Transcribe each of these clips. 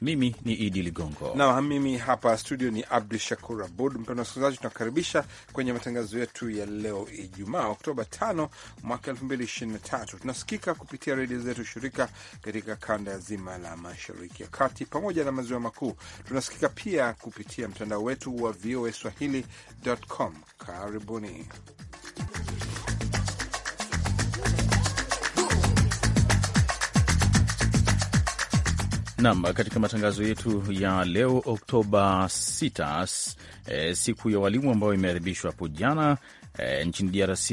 Mimi ni Idi Ligongo na mimi hapa studio ni Abdu Shakur Abud. Mpendwa msikilizaji, tunakaribisha kwenye matangazo yetu ya leo Ijumaa Oktoba 5 mwaka 2023. Tunasikika kupitia redio zetu shirika katika kanda ya zima la Mashariki ya Kati pamoja na Maziwa Makuu. Tunasikika pia kupitia mtandao wetu wa VOA Swahili.com. Karibuni. Nam, katika matangazo yetu ya leo Oktoba 6 e, eh, siku ya walimu ambayo imeadhibishwa hapo jana e, nchini DRC,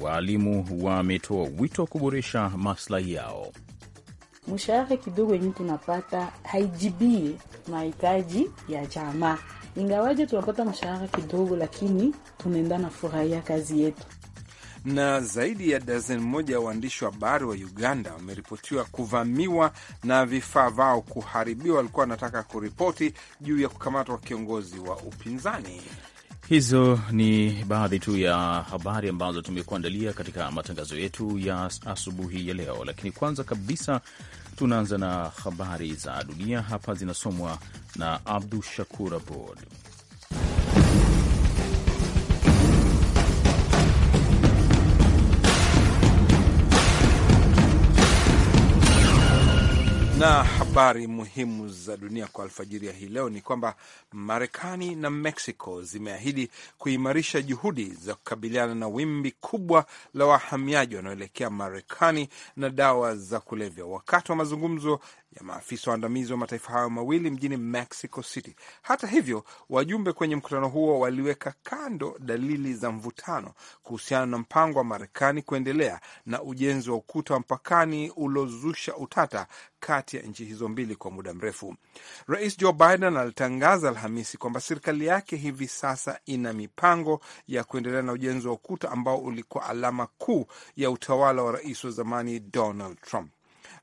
walimu wametoa wito wa kuboresha maslahi yao. Mshahara kidogo yenye tunapata haijibii mahitaji ya jamaa, ingawaje tunapata mshahara kidogo, lakini tunaenda na furahia kazi yetu na zaidi ya dazen moja ya waandishi wa habari wa Uganda wameripotiwa kuvamiwa na vifaa vao kuharibiwa. Walikuwa wanataka kuripoti juu ya kukamatwa kiongozi wa upinzani. Hizo ni baadhi tu ya habari ambazo tumekuandalia katika matangazo yetu ya asubuhi ya leo, lakini kwanza kabisa tunaanza na habari za dunia. Hapa zinasomwa na Abdu Shakur Abod. Na habari muhimu za dunia kwa alfajiri ya hii leo ni kwamba Marekani na Mexico zimeahidi kuimarisha juhudi za kukabiliana na wimbi kubwa la wahamiaji wanaoelekea Marekani na dawa za kulevya. Wakati wa mazungumzo ya maafisa waandamizi wa mataifa hayo mawili mjini Mexico City. Hata hivyo, wajumbe kwenye mkutano huo waliweka kando dalili za mvutano kuhusiana na mpango wa Marekani kuendelea na ujenzi wa ukuta wa mpakani uliozusha utata kati ya nchi hizo mbili kwa muda mrefu. Rais Joe Biden alitangaza Alhamisi kwamba serikali yake hivi sasa ina mipango ya kuendelea na ujenzi wa ukuta ambao ulikuwa alama kuu ya utawala wa rais wa zamani Donald Trump.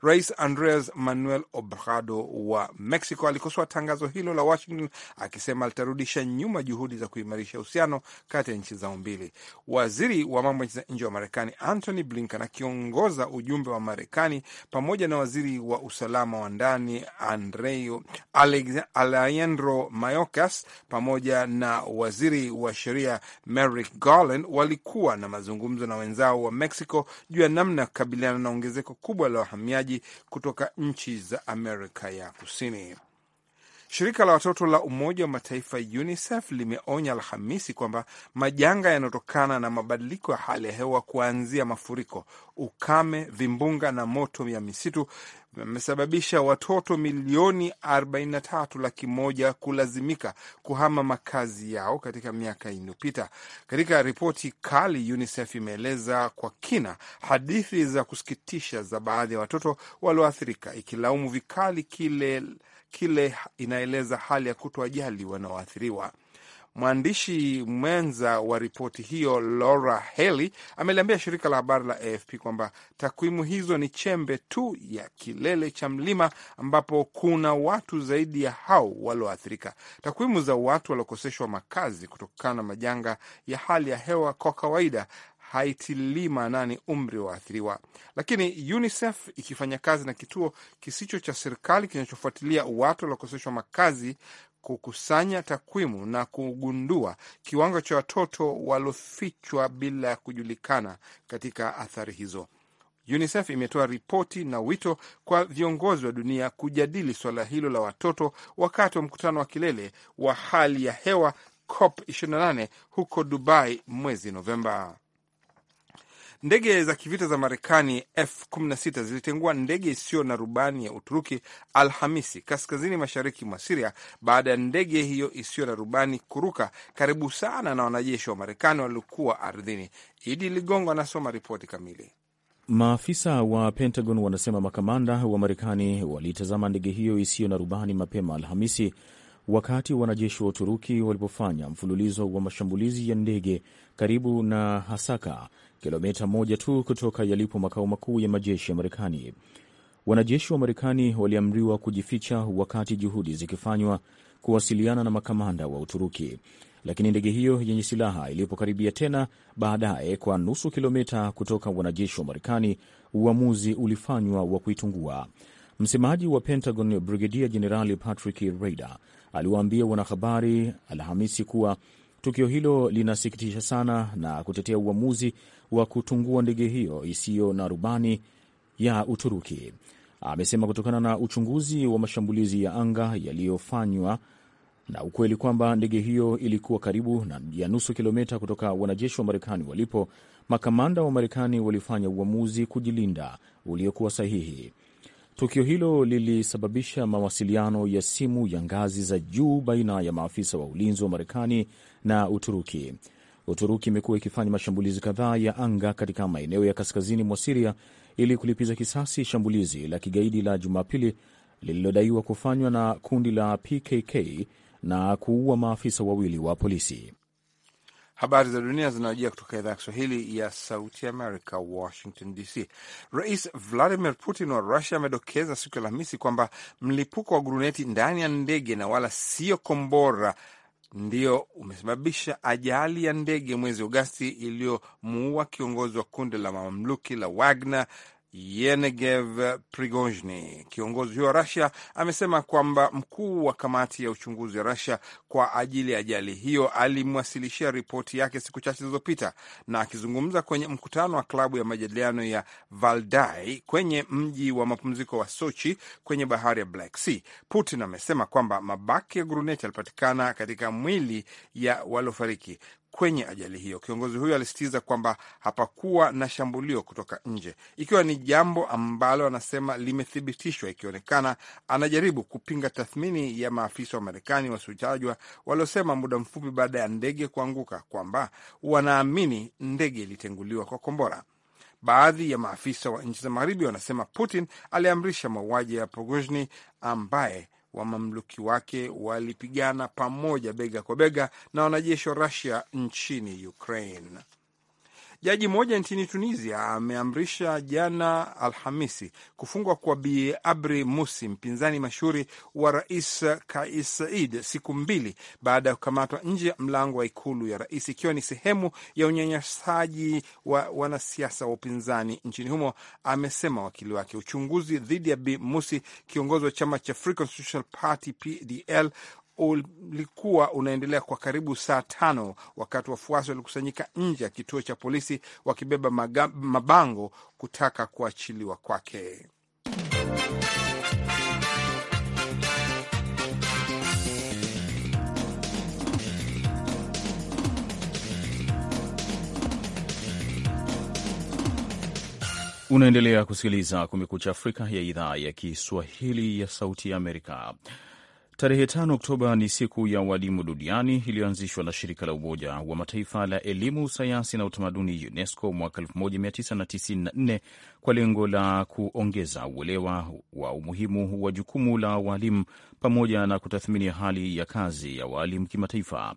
Rais Andres Manuel obrado wa Mexico alikosoa tangazo hilo la Washington akisema litarudisha nyuma juhudi za kuimarisha uhusiano kati ya nchi zao mbili. Waziri wa mambo ya nje wa Marekani Antony Blinken akiongoza ujumbe wa Marekani pamoja na waziri wa usalama wa ndani Andreu Alejandro Mayorkas pamoja na waziri wa sheria Merrick Garland walikuwa na mazungumzo na wenzao wa Mexico juu ya namna ya kukabiliana na ongezeko kubwa la wahamiaji kutoka nchi za Amerika ya Kusini. Shirika la watoto la Umoja wa Mataifa UNICEF limeonya Alhamisi kwamba majanga yanayotokana na mabadiliko ya hali ya hewa kuanzia mafuriko, ukame, vimbunga na moto ya misitu vimesababisha watoto milioni 43 laki moja kulazimika kuhama makazi yao katika miaka iliyopita. Katika ripoti kali, UNICEF imeeleza kwa kina hadithi za kusikitisha za baadhi ya watoto walioathirika, ikilaumu vikali kile kile inaeleza hali ya kutoajali wanaoathiriwa. Mwandishi mwenza wa ripoti hiyo Laura Haley ameliambia shirika la habari la AFP kwamba takwimu hizo ni chembe tu ya kilele cha mlima ambapo kuna watu zaidi ya hao walioathirika. Takwimu za watu waliokoseshwa makazi kutokana na majanga ya hali ya hewa kwa kawaida haitilii maanani umri wa waathiriwa, lakini UNICEF ikifanya kazi na kituo kisicho cha serikali kinachofuatilia watu waliokoseshwa makazi kukusanya takwimu na kugundua kiwango cha watoto waliofichwa bila ya kujulikana katika athari hizo. UNICEF imetoa ripoti na wito kwa viongozi wa dunia kujadili suala hilo la watoto wakati wa mkutano wa kilele wa hali ya hewa COP 28 huko Dubai mwezi Novemba. Ndege za kivita za Marekani F16 zilitengua ndege isiyo na rubani ya Uturuki Alhamisi kaskazini mashariki mwa Siria baada ya ndege hiyo isiyo na rubani kuruka karibu sana na wanajeshi wa Marekani waliokuwa ardhini. Idi Ligongo anasoma ripoti kamili. Maafisa wa Pentagon wanasema makamanda wa Marekani walitazama ndege hiyo isiyo na rubani mapema Alhamisi wakati wanajeshi wa Uturuki walipofanya mfululizo wa mashambulizi ya ndege karibu na Hasaka kilomita moja tu kutoka yalipo makao makuu ya majeshi ya Marekani. Wanajeshi wa Marekani waliamriwa kujificha wakati juhudi zikifanywa kuwasiliana na makamanda wa Uturuki, lakini ndege hiyo yenye silaha ilipokaribia tena baadaye kwa nusu kilomita kutoka wanajeshi wa Marekani, uamuzi ulifanywa wa kuitungua. Msemaji wa Pentagon Brigedia Jenerali Patrick Ryder aliwaambia wanahabari Alhamisi kuwa tukio hilo linasikitisha sana na kutetea uamuzi wa kutungua ndege hiyo isiyo na rubani ya Uturuki. Amesema kutokana na uchunguzi wa mashambulizi ya anga yaliyofanywa na ukweli kwamba ndege hiyo ilikuwa karibu na ya nusu kilomita kutoka wanajeshi wa Marekani walipo, makamanda wa Marekani walifanya uamuzi kujilinda uliokuwa sahihi. Tukio hilo lilisababisha mawasiliano ya simu ya ngazi za juu baina ya maafisa wa ulinzi wa Marekani na Uturuki. Uturuki imekuwa ikifanya mashambulizi kadhaa ya anga katika maeneo ya kaskazini mwa Siria ili kulipiza kisasi shambulizi la kigaidi la Jumapili lililodaiwa kufanywa na kundi la PKK na kuua maafisa wawili wa polisi. Habari za dunia zinawajia kutoka idhaa ya Kiswahili ya Sauti Amerika, Washington DC. Rais Vladimir Putin wa Rusia amedokeza siku ya Alhamisi kwamba mlipuko wa guruneti ndani ya ndege na wala siyo kombora ndio umesababisha ajali ya ndege mwezi Agosti iliyomuua kiongozi wa kundi la mamluki la Wagner Yenegev Prigozhin. Kiongozi huyo wa Rasia amesema kwamba mkuu wa kamati ya uchunguzi wa Rasia kwa ajili ya ajali hiyo alimwasilishia ripoti yake siku chache zilizopita, na akizungumza kwenye mkutano wa klabu ya majadiliano ya Valdai kwenye mji wa mapumziko wa Sochi kwenye bahari ya Black Sea, Putin amesema kwamba mabaki ya guruneti yalipatikana katika mwili ya waliofariki kwenye ajali hiyo. Kiongozi huyo alisisitiza kwamba hapakuwa na shambulio kutoka nje, ikiwa ni jambo ambalo anasema limethibitishwa, ikionekana anajaribu kupinga tathmini ya maafisa wa Marekani wasiotajwa waliosema muda mfupi baada ya ndege kuanguka kwamba wanaamini ndege ilitenguliwa kwa kombora. Baadhi ya maafisa wa nchi za magharibi wanasema Putin aliamrisha mauaji ya Prigozhin ambaye Wamamluki wake walipigana pamoja bega kwa bega na wanajeshi wa Rusia nchini Ukraine. Jaji mmoja nchini Tunisia ameamrisha jana Alhamisi kufungwa kwa Bi Abri Musi, mpinzani mashuhuri wa rais Kais Said, siku mbili baada ya kukamatwa nje ya mlango wa ikulu ya rais, ikiwa ni sehemu ya unyanyasaji wa wanasiasa wa upinzani nchini humo, amesema wakili wake. Uchunguzi dhidi ya Bi Musi, kiongozi wa chama cha Free Constitutional Party PDL ulikuwa unaendelea kwa karibu saa tano wakati wafuasi walikusanyika nje ya kituo cha polisi wakibeba maga, mabango kutaka kuachiliwa kwake. Unaendelea kusikiliza Kumekucha Afrika ya idhaa ya Kiswahili ya Sauti ya Amerika. Tarehe 5 Oktoba ni siku ya walimu duniani iliyoanzishwa na shirika la Umoja wa Mataifa la elimu, sayansi na utamaduni UNESCO mwaka 1994 kwa lengo la kuongeza uelewa wa umuhimu wa jukumu la walimu pamoja na kutathmini hali ya kazi ya walimu kimataifa.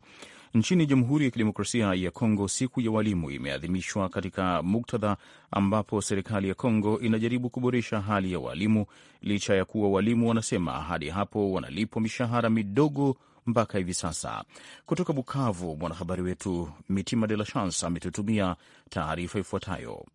Nchini Jamhuri ya Kidemokrasia ya Kongo, siku ya walimu imeadhimishwa katika muktadha ambapo serikali ya Kongo inajaribu kuboresha hali ya walimu, licha ya kuwa walimu wanasema hadi hapo wanalipwa mishahara midogo mpaka hivi sasa. Kutoka Bukavu, mwanahabari wetu Mitima De La Chance ametutumia taarifa ifuatayo.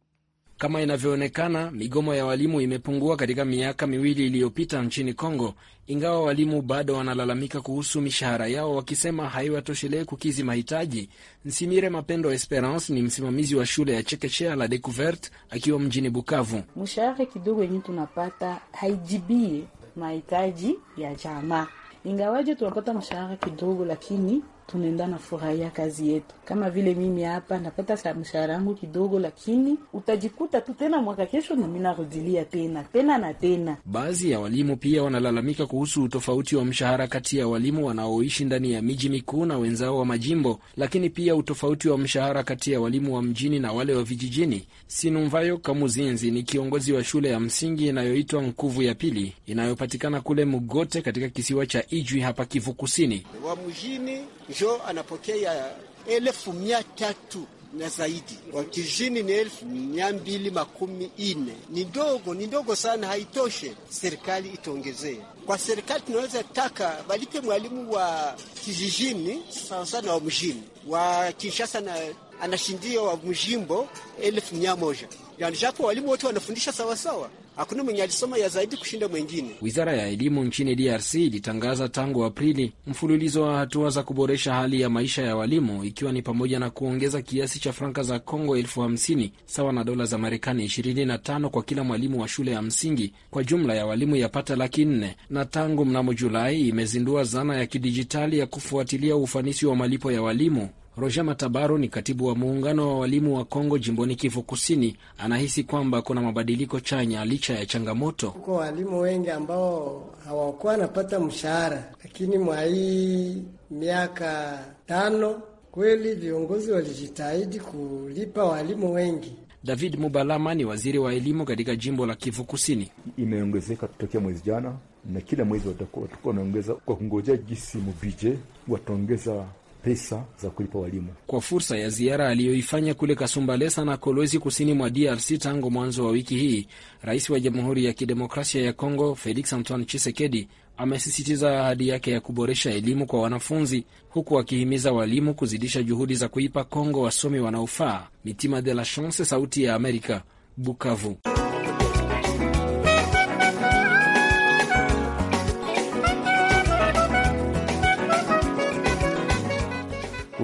Kama inavyoonekana, migomo ya walimu imepungua katika miaka miwili iliyopita nchini Kongo, ingawa walimu bado wanalalamika kuhusu mishahara yao, wakisema haiwatoshelee kukizi mahitaji. Nsimire Mapendo Esperance ni msimamizi wa shule ya chekechea La decouvert akiwa mjini Bukavu. Mshahara kidogo yenye tunapata haijibie mahitaji ya jamaa, ingawaje tunapata mshahara kidogo, lakini tunaenda na furahia kazi yetu. Kama vile mimi hapa napata mshahara yangu kidogo, lakini utajikuta tu tena mwaka kesho nami narudilia tena tena na tena. Baadhi ya walimu pia wanalalamika kuhusu utofauti wa mshahara kati ya walimu wanaoishi ndani ya miji mikuu na wenzao wa majimbo, lakini pia utofauti wa mshahara kati ya walimu wa mjini na wale wa vijijini. Sinumvayo Kamuzinzi ni kiongozi wa shule ya msingi inayoitwa Nkuvu ya Pili inayopatikana kule Mugote katika kisiwa cha Ijwi hapa Kivu Kusini. wa mjini jo anapokea elfu mia tatu na zaidi wa kijini ni elfu mia mbili makumi ine. Ni ndogo, ni ndogo sana, haitoshe. Serikali itongezee Kwa serikali tunaweza taka walipe mwalimu wa kijijini sawasawa na wa mjini wa Kinshasa na anashindia wa mjimbo elfu mia moja yani, japo walimu wote wanafundisha sawasawa hakuna mwenye alisoma ya zaidi kushinda mwengine. Wizara ya elimu nchini DRC ilitangaza tangu Aprili mfululizo wa hatua za kuboresha hali ya maisha ya walimu, ikiwa ni pamoja na kuongeza kiasi cha franka za congo elfu hamsini sawa na dola za Marekani 25 kwa kila mwalimu wa shule ya msingi kwa jumla ya walimu yapata laki nne, na tangu mnamo Julai imezindua zana ya kidijitali ya kufuatilia ufanisi wa malipo ya walimu Roger Matabaro ni katibu wa muungano wa walimu wa Kongo jimboni Kivu Kusini, anahisi kwamba kuna mabadiliko chanya licha ya changamoto. Kuko walimu wengi ambao hawakuwa wanapata mshahara, lakini mwa hii miaka tano kweli viongozi walijitahidi kulipa walimu wengi. David Mubalama ni waziri wa elimu katika jimbo la Kivu Kusini. Imeongezeka tokea mwezi jana, na kila mwezi watakuwa wanaongeza kwa kungojea jisi mubije wataongeza pesa za kulipa walimu. Kwa fursa ya ziara aliyoifanya kule Kasumbalesa na Kolwezi, kusini mwa DRC, tangu mwanzo wa wiki hii, rais wa Jamhuri ya Kidemokrasia ya Kongo Felix Antoine chisekedi amesisitiza ahadi yake ya kuboresha elimu kwa wanafunzi, huku akihimiza walimu kuzidisha juhudi za kuipa Kongo wasomi wanaofaa. Mitima de la Chance, Sauti ya Amerika, Bukavu.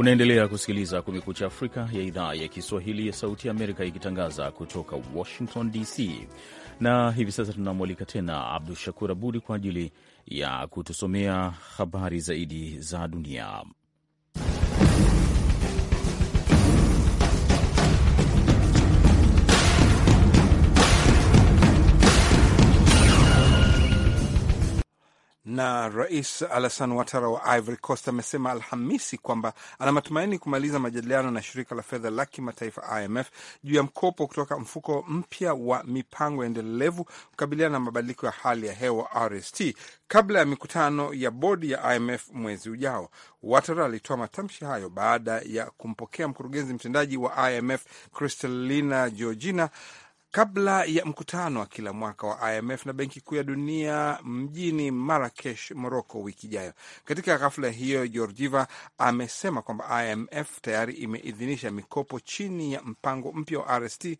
Unaendelea kusikiliza Kumekucha Afrika ya idhaa ya Kiswahili ya Sauti ya Amerika ikitangaza kutoka Washington DC, na hivi sasa tunamwalika tena Abdu Shakur Abudi kwa ajili ya kutusomea habari zaidi za dunia. Na Rais alasan watara wa Ivory Coast amesema Alhamisi kwamba ana matumaini kumaliza majadiliano na shirika la fedha la kimataifa IMF juu ya mkopo kutoka mfuko mpya wa mipango endelevu kukabiliana na mabadiliko ya hali ya hewa RST kabla ya mikutano ya bodi ya IMF mwezi ujao. watara alitoa matamshi hayo baada ya kumpokea mkurugenzi mtendaji wa IMF Kristalina Georgina kabla ya mkutano wa kila mwaka wa IMF na Benki Kuu ya Dunia mjini Marakesh, Moroko, wiki ijayo. Katika ghafla hiyo, Georgieva amesema kwamba IMF tayari imeidhinisha mikopo chini ya mpango mpya wa RST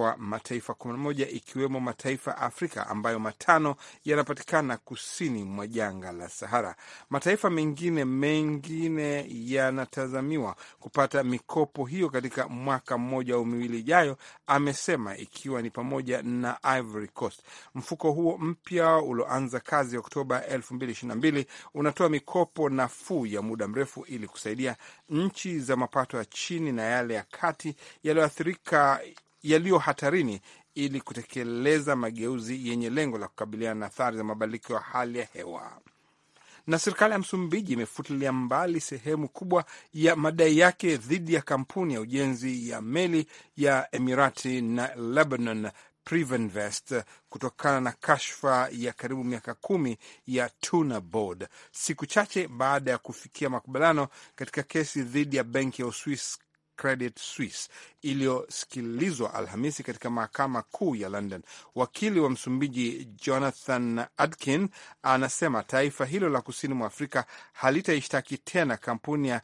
kwa mataifa 11 ikiwemo mataifa Afrika ambayo matano yanapatikana kusini mwa janga la Sahara. Mataifa mengine mengine yanatazamiwa kupata mikopo hiyo katika mwaka mmoja au miwili ijayo, amesema, ikiwa ni pamoja na Ivory Coast. Mfuko huo mpya ulioanza kazi Oktoba 2022 unatoa mikopo nafuu ya muda mrefu ili kusaidia nchi za mapato ya chini na yale ya kati yaliyoathirika yaliyo hatarini ili kutekeleza mageuzi yenye lengo la kukabiliana na athari za mabadiliko ya hali ya hewa. Na serikali ya Msumbiji imefutilia mbali sehemu kubwa ya madai yake dhidi ya kampuni ya ujenzi ya meli ya Emirati na Lebanon Privinvest kutokana na kashfa ya karibu miaka kumi ya Tuna Board siku chache baada ya kufikia makubaliano katika kesi dhidi ya benki ya Uswisi Credit Suisse iliyosikilizwa Alhamisi katika mahakama kuu ya London. Wakili wa Msumbiji Jonathan Adkin anasema taifa hilo la kusini mwa Afrika halitaishtaki tena kampuni ya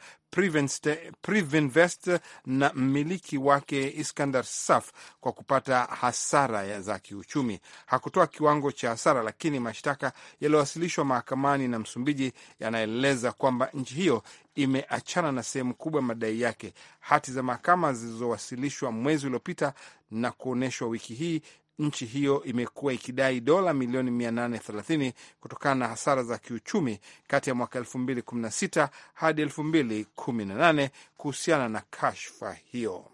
Privinvest na mmiliki wake Iskandar Saf kwa kupata hasara za kiuchumi. Hakutoa kiwango cha hasara, lakini mashtaka yaliyowasilishwa mahakamani na Msumbiji yanaeleza kwamba nchi hiyo imeachana na sehemu kubwa ya madai yake. Hati za mahakama zilizowasilishwa mwezi uliopita na kuonyeshwa wiki hii nchi hiyo imekuwa ikidai dola milioni 830 kutokana na hasara za kiuchumi kati ya mwaka 2016 hadi 2018 kuhusiana na kashfa hiyo.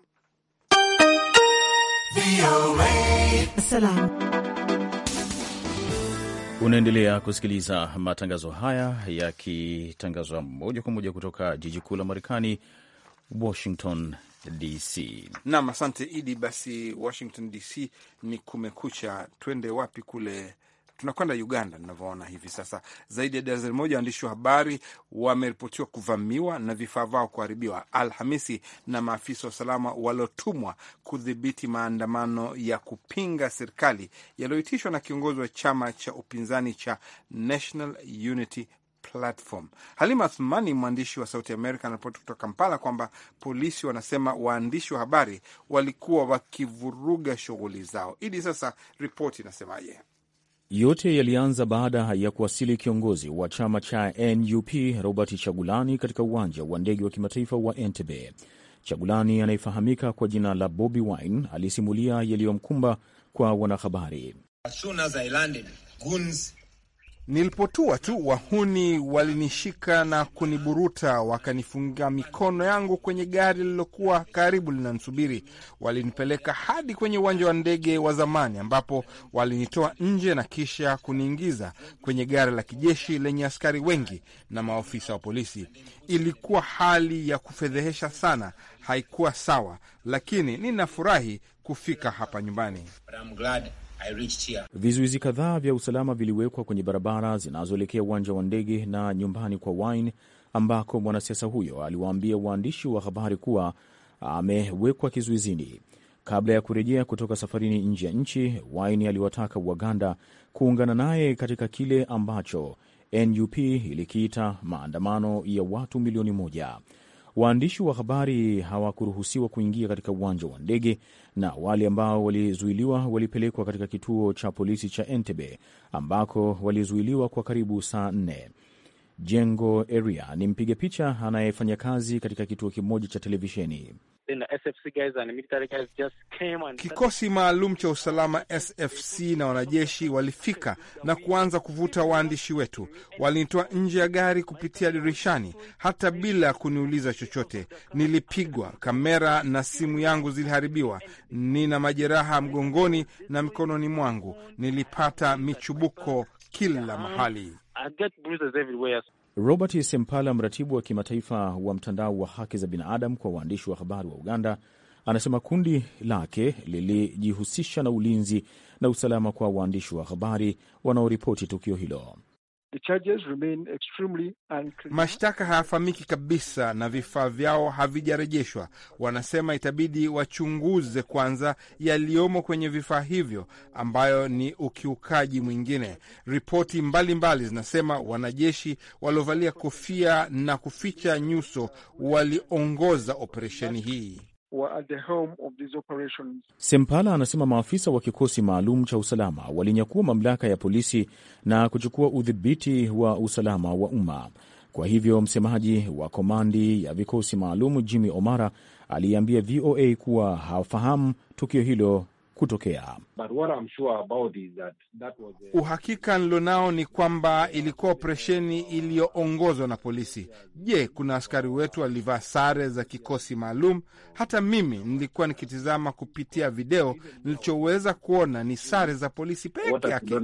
Unaendelea kusikiliza matangazo haya yakitangazwa moja kwa moja kutoka jiji kuu la Marekani, Washington DC. Nam, asante Idi. Basi Washington DC ni kumekucha. Twende wapi? Kule tunakwenda Uganda. Ninavyoona hivi sasa, zaidi ya darzeni moja waandishi wa habari wameripotiwa kuvamiwa na vifaa vao kuharibiwa Alhamisi na maafisa wa usalama waliotumwa kudhibiti maandamano ya kupinga serikali yaliyoitishwa na kiongozi wa chama cha upinzani cha National Unity Platform. Halima Athmani, mwandishi wa Sauti Amerika, anaripoti kutoka Kampala kwamba polisi wanasema waandishi wa habari walikuwa wakivuruga shughuli zao. Idi, sasa ripoti inasemaje? Yote yalianza baada ya kuwasili kiongozi wa chama cha NUP Robert Chagulani katika uwanja wa ndege wa kimataifa wa Entebbe. Chagulani anayefahamika kwa jina la Bobi Wine alisimulia yaliyomkumba kwa wanahabari. As soon as I landed, goons Nilipotua tu wahuni walinishika na kuniburuta, wakanifunga mikono yangu kwenye gari lililokuwa karibu linanisubiri. Walinipeleka hadi kwenye uwanja wa ndege wa zamani, ambapo walinitoa nje na kisha kuniingiza kwenye gari la kijeshi lenye askari wengi na maofisa wa polisi. Ilikuwa hali ya kufedhehesha sana, haikuwa sawa, lakini ninafurahi kufika hapa nyumbani. But I'm glad. Vizuizi kadhaa vya usalama viliwekwa kwenye barabara zinazoelekea uwanja wa ndege na nyumbani kwa Wine, ambako mwanasiasa huyo aliwaambia waandishi wa habari kuwa amewekwa kizuizini. Kabla ya kurejea kutoka safarini nje ya nchi, Wine aliwataka Waganda kuungana naye katika kile ambacho NUP ilikiita maandamano ya watu milioni moja. Waandishi wa habari hawakuruhusiwa kuingia katika uwanja wa ndege, na wale ambao walizuiliwa walipelekwa katika kituo cha polisi cha Entebbe ambako walizuiliwa kwa karibu saa nne. Jengo Eria ni mpiga picha anayefanya kazi katika kituo kimoja cha televisheni the SFC guys and military guys just came and... Kikosi maalum cha usalama SFC na wanajeshi walifika na kuanza kuvuta waandishi wetu. Walinitoa nje ya gari kupitia dirishani, hata bila ya kuniuliza chochote. Nilipigwa, kamera na simu yangu ziliharibiwa. Nina majeraha mgongoni na mikononi mwangu. Nilipata michubuko kila mahali. I get bruises everywhere. Robert Sempala, mratibu wa kimataifa wa mtandao wa haki za binadamu kwa waandishi wa habari wa Uganda, anasema kundi lake lilijihusisha na ulinzi na usalama kwa waandishi wa habari wanaoripoti tukio hilo. Mashtaka hayafahamiki kabisa na vifaa vyao havijarejeshwa. Wanasema itabidi wachunguze kwanza yaliyomo kwenye vifaa hivyo ambayo ni ukiukaji mwingine. Ripoti mbalimbali zinasema wanajeshi waliovalia kofia na kuficha nyuso waliongoza operesheni hii were at the helm of these operations. Sempala anasema maafisa wa kikosi maalum cha usalama walinyakua mamlaka ya polisi na kuchukua udhibiti wa usalama wa umma. Kwa hivyo msemaji wa komandi ya vikosi maalum Jimmy Omara aliambia VOA kuwa hawafahamu tukio hilo kutokea. uhakika nilionao ni kwamba ilikuwa operesheni iliyoongozwa na polisi. Je, kuna askari wetu walivaa sare za kikosi maalum? Hata mimi nilikuwa nikitizama kupitia video, nilichoweza kuona ni sare za polisi peke yake.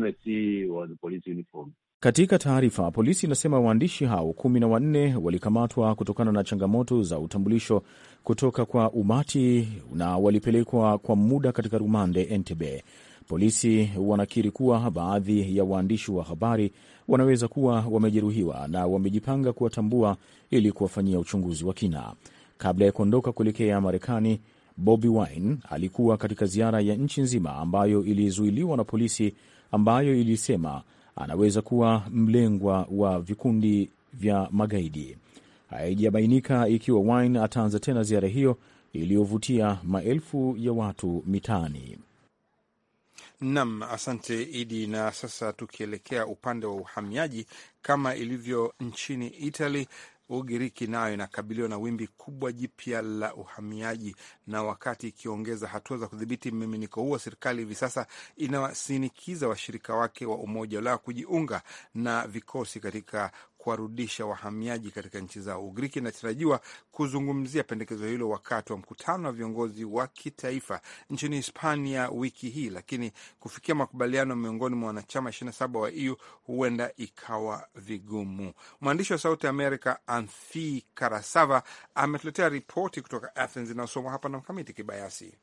Katika taarifa, polisi inasema waandishi hao kumi na wanne walikamatwa kutokana na changamoto za utambulisho kutoka kwa umati na walipelekwa kwa muda katika rumande Entebbe. Polisi wanakiri kuwa baadhi ya waandishi wa habari wanaweza kuwa wamejeruhiwa na wamejipanga kuwatambua ili kuwafanyia uchunguzi wa kina. Kabla ya kuondoka kuelekea Marekani, Bobi Wine alikuwa katika ziara ya nchi nzima ambayo ilizuiliwa na polisi, ambayo ilisema anaweza kuwa mlengwa wa vikundi vya magaidi. Haijabainika ikiwa Wine ataanza tena ziara hiyo iliyovutia maelfu ya watu mitaani. Nam, asante Idi. Na sasa tukielekea upande wa uhamiaji, kama ilivyo nchini Italy, Ugiriki nayo inakabiliwa na wimbi kubwa jipya la uhamiaji, na wakati ikiongeza hatua za kudhibiti mmiminiko huo, serikali hivi sasa inawasinikiza washirika wake wa Umoja Ulaya kujiunga na vikosi katika kuwarudisha wahamiaji katika nchi zao. Ugiriki inatarajiwa kuzungumzia pendekezo hilo wakati wa mkutano wa viongozi wa kitaifa nchini Hispania wiki hii, lakini kufikia makubaliano miongoni mwa wanachama 27 wa EU huenda ikawa vigumu. Mwandishi wa Sauti ya Amerika Anthi Karasava ametuletea ripoti kutoka Athens inayosomwa hapa na Mkamiti Kibayasi.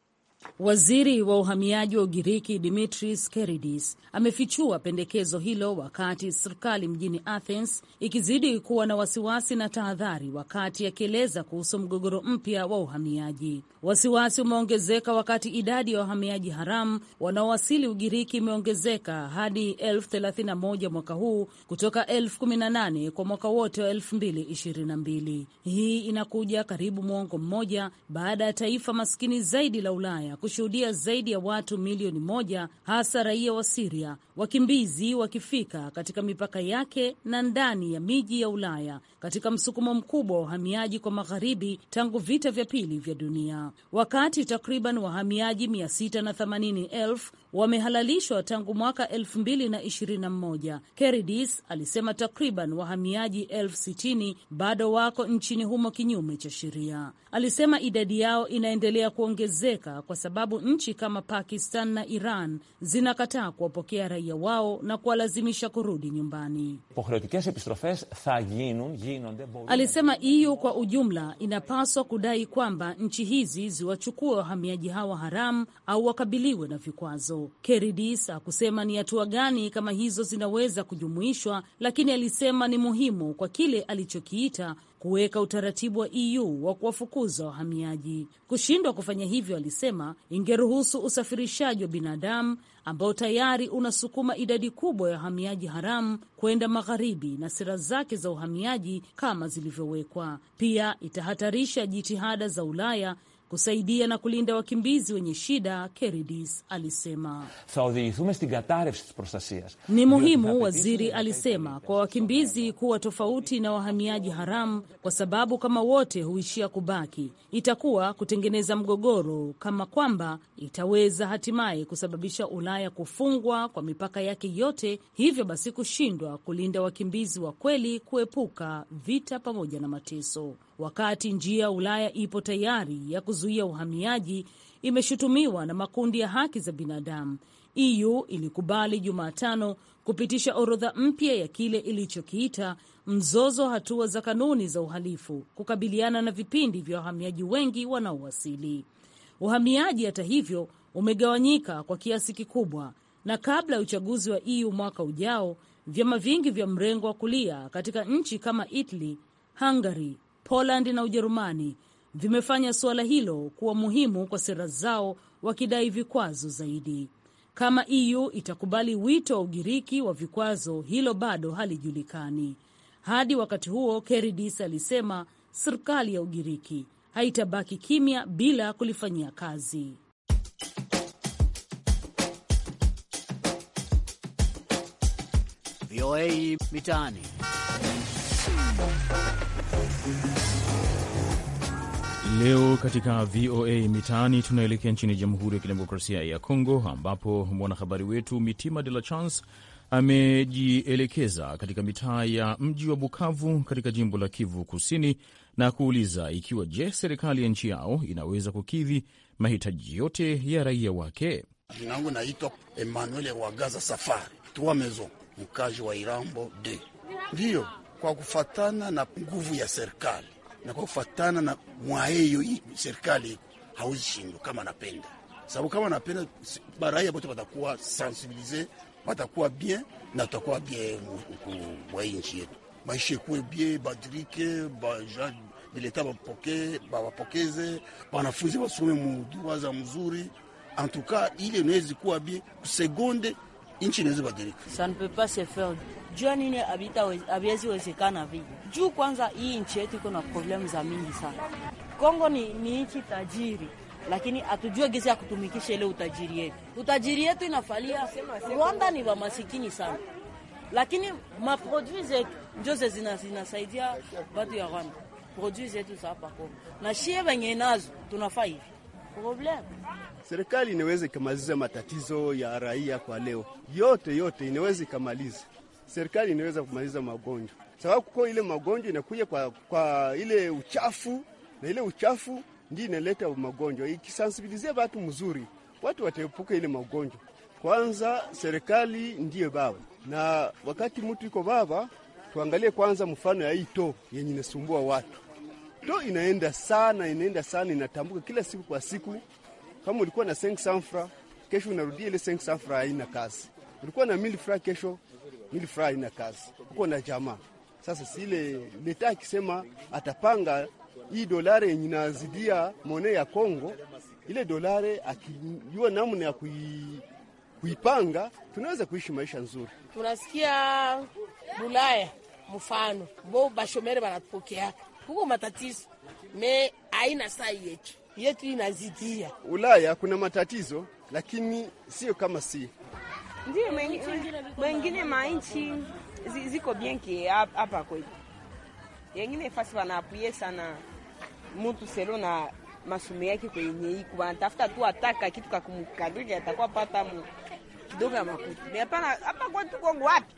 Waziri wa uhamiaji wa Ugiriki Dimitris Keridis amefichua pendekezo hilo wakati serikali mjini Athens ikizidi kuwa na wasiwasi na tahadhari, wakati akieleza kuhusu mgogoro mpya wa uhamiaji. Wasiwasi umeongezeka wakati idadi ya wahamiaji haramu wanaowasili Ugiriki imeongezeka hadi elfu mwaka huu kutoka elfu kwa mwaka wote wa 222 Hii inakuja karibu mwongo mmoja baada ya taifa maskini zaidi la Ulaya kushuhudia zaidi ya watu milioni moja hasa raia wa Siria wakimbizi wakifika katika mipaka yake na ndani ya miji ya Ulaya katika msukumo mkubwa wa wahamiaji kwa magharibi tangu vita vya pili vya dunia, wakati takriban wahamiaji 680,000 wamehalalishwa tangu mwaka 2021. Keridis alisema takriban wahamiaji elfu sitini bado wako nchini humo kinyume cha sheria. Alisema idadi yao inaendelea kuongezeka kwa sababu nchi kama Pakistan na Iran zinakataa kuwapokea raia wao na kuwalazimisha kurudi nyumbani. Alisema EU kwa ujumla inapaswa kudai kwamba nchi hizi ziwachukue wahamiaji hawa haramu au wakabiliwe na vikwazo. Keridis kusema ni hatua gani kama hizo zinaweza kujumuishwa, lakini alisema ni muhimu kwa kile alichokiita kuweka utaratibu wa EU wa kuwafukuza wahamiaji. Kushindwa kufanya hivyo, alisema, ingeruhusu usafirishaji wa binadamu ambao tayari unasukuma idadi kubwa ya wahamiaji haramu kwenda magharibi na sera zake za uhamiaji kama zilivyowekwa. Pia itahatarisha jitihada za Ulaya kusaidia na kulinda wakimbizi wenye shida, Keridis alisema ni muhimu. Waziri alisema kwa wakimbizi kuwa tofauti na wahamiaji haramu, kwa sababu kama wote huishia kubaki, itakuwa kutengeneza mgogoro, kama kwamba itaweza hatimaye kusababisha Ulaya kufungwa kwa mipaka yake yote, hivyo basi kushindwa kulinda wakimbizi wa kweli, kuepuka vita pamoja na mateso wakati njia ya Ulaya ipo tayari ya kuzuia uhamiaji, imeshutumiwa na makundi ya haki za binadamu. EU ilikubali Jumatano kupitisha orodha mpya ya kile ilichokiita mzozo wa hatua za kanuni za uhalifu kukabiliana na vipindi vya wahamiaji wengi wanaowasili. Uhamiaji hata hivyo umegawanyika kwa kiasi kikubwa, na kabla ya uchaguzi wa EU mwaka ujao, vyama vingi vya mrengo wa kulia katika nchi kama Italy, Hungary, Poland na Ujerumani vimefanya suala hilo kuwa muhimu kwa sera zao, wakidai vikwazo zaidi. Kama EU itakubali wito wa Ugiriki wa vikwazo, hilo bado halijulikani. Hadi wakati huo, Keridis alisema serikali ya Ugiriki haitabaki kimya bila kulifanyia kazi. VOA Mitaani. Leo katika VOA Mitaani tunaelekea nchini Jamhuri ya Kidemokrasia ya Kongo, ambapo mwanahabari wetu Mitima De La Chance amejielekeza katika mitaa ya mji wa Bukavu katika jimbo la Kivu Kusini na kuuliza ikiwa je, serikali ya nchi yao inaweza kukidhi mahitaji yote ya raia wake. Jina langu naitwa Emmanuel Wagaza Safari Trois mezo mkazi wa Irambo d ndiyo, kwa kufatana na nguvu ya serikali na kwa kufatana na mwaeyo hii serikali hawezi kama anapenda, sababu kama anapenda baraia bote watakuwa sensibilize, watakuwa bien na tutakuwa bien kwa nchi yetu, maisha kuwe bien, badirike baja bileta bapoke bawapokeze wanafunzi basome muduwaza mzuri, antuka ile inawezi kuwa bien kusegonde nchi inaweza badilika. Jua nini haviwezi wezekana vile juu. Kwanza hii nchi yetu iko na problemu za mingi sana. Kongo ni, ni nchi tajiri, lakini hatujue gesi ya kutumikisha ile utajiri yetu. Utajiri yetu inafalia Rwanda, ni wamasikini sana, lakini maprodui zetu njoze zinasaidia watu ya Rwanda. Produi zetu za hapa Kongo na shie wenye nazo tunafaa hivi Serikali inaweza ikamaliza matatizo ya raia kwa leo yote yote, inaweza ikamaliza. Serikali inaweza kumaliza magonjwa, sababu kuko ile magonjwa inakuja kwa, kwa ile uchafu, na ile uchafu ndio inaleta magonjwa. Ikisensibilizia watu mzuri, watu wataepuka ile magonjwa. Kwanza serikali ndiye baba, na wakati mtu iko baba, tuangalie kwanza mfano ya hii to yenye inasumbua watu Ndo inaenda sana, inaenda sana, inatambuka kila siku kwa siku. Kama ulikuwa na 5 sanfra, kesho unarudia ile 5 sanfra, haina kazi. Ulikuwa na 1000 fra, kesho 1000 fra, haina kazi. Uko na jamaa sasa, si leta akisema atapanga hii dolari yenye inazidia mone ya Kongo, ile dolari akijua namna ya kui, kuipanga, tunaweza kuishi maisha nzuri. Tunasikia Bulaya mfano bo bashomere banatupokeaka kuko matatizo me aina sai yetu yetu inazidia. Ulaya kuna matatizo, lakini sio kama si ndio mwengine mainchi ziko bienki hapa kwetu, yengine fasi wanapuye sana mutu selo na masomo yake kwenye iku wanatafuta tu ataka kitu kakumkadiri atakuwa pata kidogo ya makuti. Hapana, hapa kwetu Kongo wapi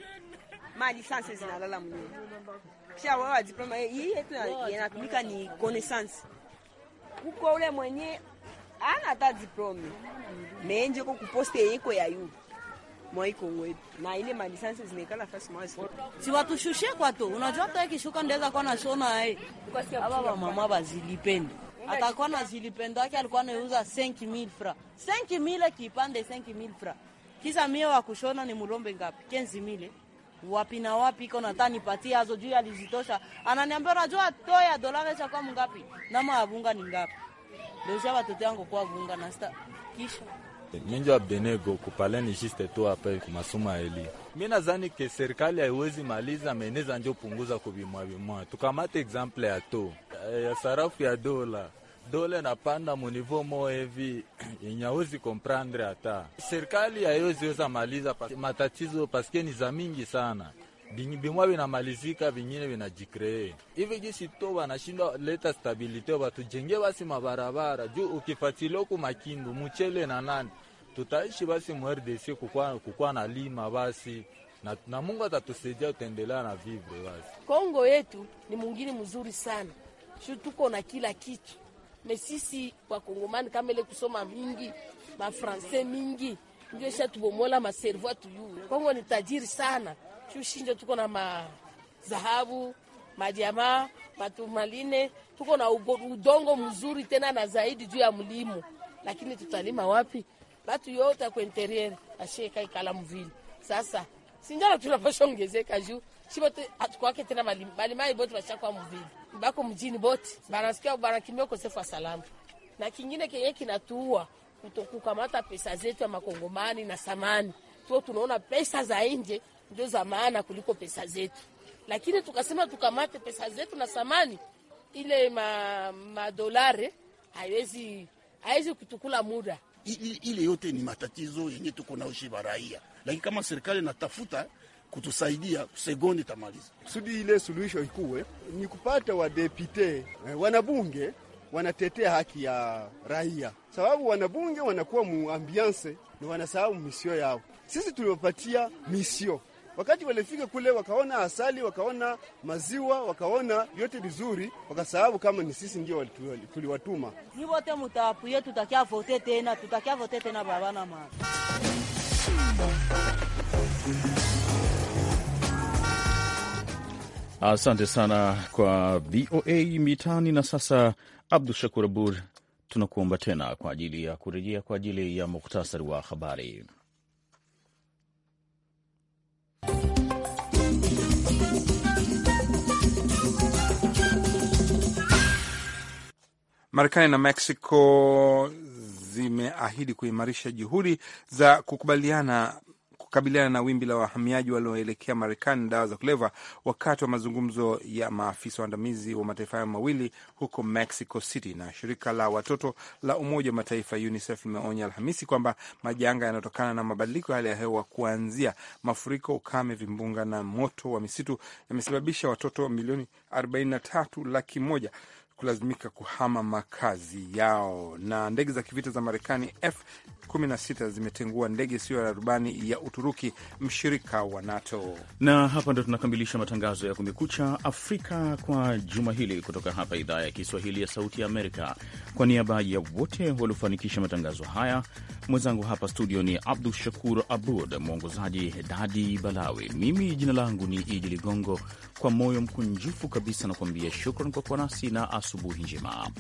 mali sanse zinalala mwenyewe kisha wewe diploma hii yetu yanatumika ni connaissance. Kuko ule mwenye ana hata diploma menje ko kuposte yeko ya yu mwaikongwetu na ile malisansi zinaikala fasi mwasi si watushushe kwa to. Unajua hata ikishuka ndeza kwa nashona eh, aba ba mama bazilipende atakuwa na zilipendo yake, alikuwa anauza 5000 fra 5000 kipande 5000 fra kisa mie wa kushona ni mulombe ngapi 15000 wapi na wapi iko nataka nipatie hizo juu alizitosha. Ananiambia unajua toa ya dola chakwa mngapi? Nama ya bunga ni ngapi? Ndio watoto yangu kwa bunga na sta kisha minjwa benego kupaleni jiste tu hapa kumasuma eli. Mimi nadhani ke serikali haiwezi maliza meneza nje upunguza kubimwa bimwa. Tukamate example ya to eh, ya sarafu ya dola dole napanda munivo mo hivi yenye awezi komprendre, hata serikali hayoziweza maliza pas, matatizo paske ni za mingi sana bimwa binamalizika bingine binajikree hivi gisi to banashindwa leta stabilite batujenge basi mabarabara juu ukifatile ku makindu muchele na nani tutaishi basi mu RDC kukua, kukua na lima basi na, na Mungu atatusaidia utaendelea na vivre basi. Kongo yetu ni mungini mzuri sana shu tuko na kila kitu mesisi wakongomani kama ile kusoma mingi mafranse mingi ndio sha ishatubomola maservo atuyue. Kongo ni tajiri sana, shushinjo tuko na mazahabu madiama matumaline, tuko na udongo mzuri tena na zaidi juu ya mlimo, lakini tutalima wapi? Batu yote kwa interior asheka ikala mvili sasa sinjala tunapashongezeka juu shibote atukwake tena balimai bote bashakwa mvili bako mjini boti banasikia banakimia ukosefu wa salama, na kingine kenye kinatuua kutokukamata pesa zetu ya makongomani na samani tuo, tunaona pesa za nje ndio za maana kuliko pesa zetu, lakini tukasema tukamate pesa zetu na samani ile ma, madolare haiwezi haiwezi kutukula muda. Ile yote ni matatizo yenye tuko nao shi baraia, lakini kama serikali natafuta kutusaidia segondi tamaliza kusudi ile suluhisho ikuwe ni kupata wadepite eh, wanabunge wanatetea haki ya raia, sababu wanabunge wanakuwa muambiance na wanasahau misio yao. Sisi tuliwapatia misio, wakati walifika kule wakaona asali, wakaona maziwa, wakaona vyote vizuri, wakasababu kama ni sisi ndio tuliwatuma. Ni mutapuye, tutakia vote tena, tutakia vote tena, babana mama Asante sana kwa VOA Mitaani. Na sasa Abdu Shakur Abud, tunakuomba tena kwa ajili ya kurejea kwa ajili ya muktasari wa habari. Marekani na Mexico zimeahidi kuimarisha juhudi za kukubaliana kukabiliana na wimbi la wahamiaji walioelekea Marekani dawa za kuleva wakati wa mazungumzo ya maafisa waandamizi wa mataifa hayo mawili huko Mexico City. Na shirika la watoto la Umoja wa Mataifa UNICEF limeonya Alhamisi kwamba majanga yanayotokana na mabadiliko ya hali ya hewa kuanzia mafuriko, ukame, vimbunga na moto wa misitu yamesababisha watoto milioni 43 laki moja kulazimika kuhama makazi yao. Na ndege za kivita za Marekani F16 zimetengua ndege isiyo ya rubani ya Uturuki, mshirika wa NATO. Na hapa ndo tunakamilisha matangazo ya Kumekucha Afrika kwa juma hili, kutoka hapa idhaa ya Kiswahili ya Sauti ya Amerika. Kwa niaba ya wote waliofanikisha matangazo haya Mwenzangu hapa studio ni Abdu Shakur Abud, mwongozaji Dadi Balawi. Mimi jina langu ni Idi Ligongo. Kwa moyo mkunjufu kabisa nakuambia shukran kwa kuwa nasi na asubuhi njema.